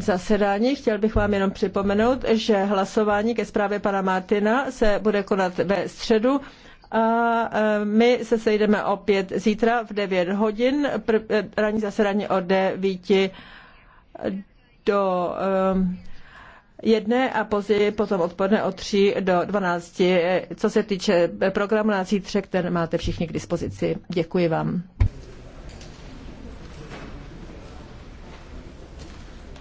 zasedání. Chtěl bych vám jenom připomenout, že hlasování ke zprávě pana Martina se bude konat ve středu a e, my se sejdeme opět zítra v 9 hodin, e, ranní zasedání od 9 do e, jedné a později potom odpoledne od 3 do 12. Co se týče programu na zítřek, ten máte všichni k dispozici. Děkuji vám.